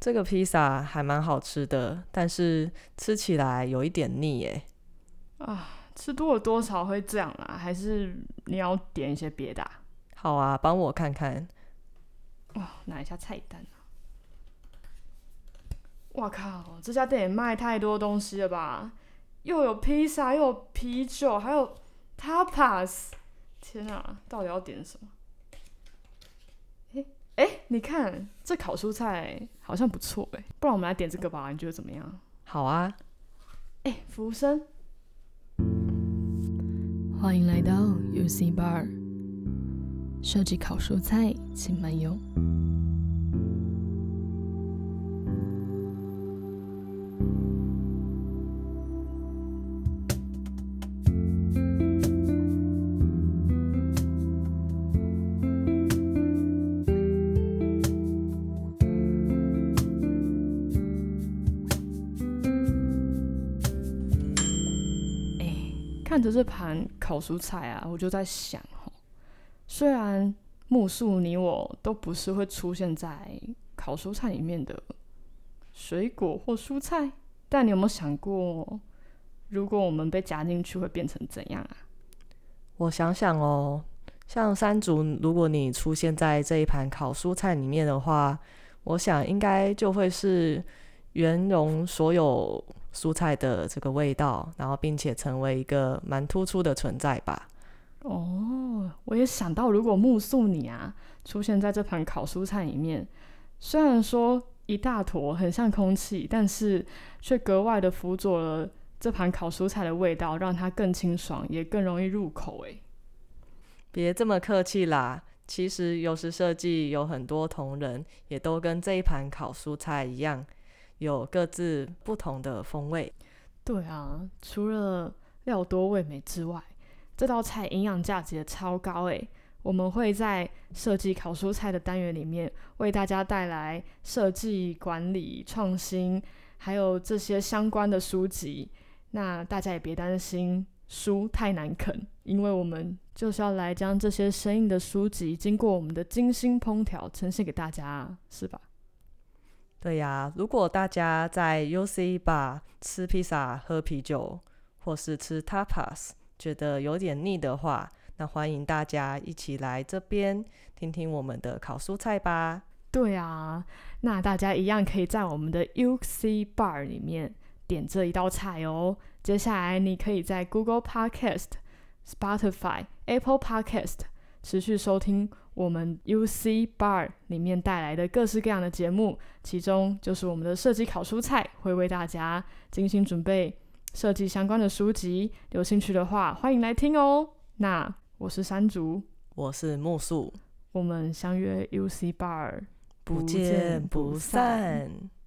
這個披薩還蠻好吃的，但是吃起來有一點膩耶。啊，吃多了多少會這樣啊？還是你要點一些別的，啊？好啊，幫我看看。哇，哦，拿一下菜單，啊。我靠，這家店也賣太多東西了吧？又有披薩，又有啤酒，還有 tapas。天啊，到底要點什麼？你看這烤書菜好像不錯哎，不然我們來點這個吧，你覺得怎麼樣？好啊。哎，服務生，歡迎來到 UXI BAR，設計烤書菜，請慢用。看着這盤烤蔬菜啊，我就在想，雖然木樹你我都不是會出現在烤蔬菜裡面的水果或蔬菜，但你有沒有想過，如果我們被夾進去會變成怎樣啊？我想想哦，像山竹，如果你出現在這一盤烤蔬菜裡面的話，我想應該就會是圓融所有蔬菜的這個味道，然後並且成為一個蠻突出的存在吧。哦，我也想到，如果目送你啊出現在這盤烤蔬菜裡面，雖然說一大坨很像空氣，但是卻格外的輔佐了這盤烤蔬菜的味道，讓它更清爽，也更容易入口。誒，別這麼客氣啦，其實遊石設計有很多同仁也都跟這一盤烤蔬菜一樣。有各自不同的風味。對啊，除了料多味美之外，這道菜營養價值也超高誒、欸。我們會在設計烤蔬菜的單元裡面為大家帶來設計、管理、創新，還有這些相關的書籍。那大家也別擔心書太難啃，因為我們就是要來將這些生硬的書籍經過我們的精心烹調呈現給大家，是吧？對呀、啊，如果大家在 UXI Bar 吃披薩、喝啤酒，或是吃 tapas，覺得有點膩的話，那歡迎大家一起來這邊聽聽我們的烤書菜吧。對啊，那大家一樣可以在我們的 UXI Bar 裡面點這一道菜哦。接下來你可以在 Google Podcast、Spotify、Apple Podcast，持續收聽我們 UXI BAR 裡面帶來的各式各樣的節目，其中就是我們的設計烤書菜，會為大家精心準備設計相關的書籍，有興趣的話歡迎來聽哦。那我是山竹，我是木樹，我們相約 UXI BAR，不見不散。不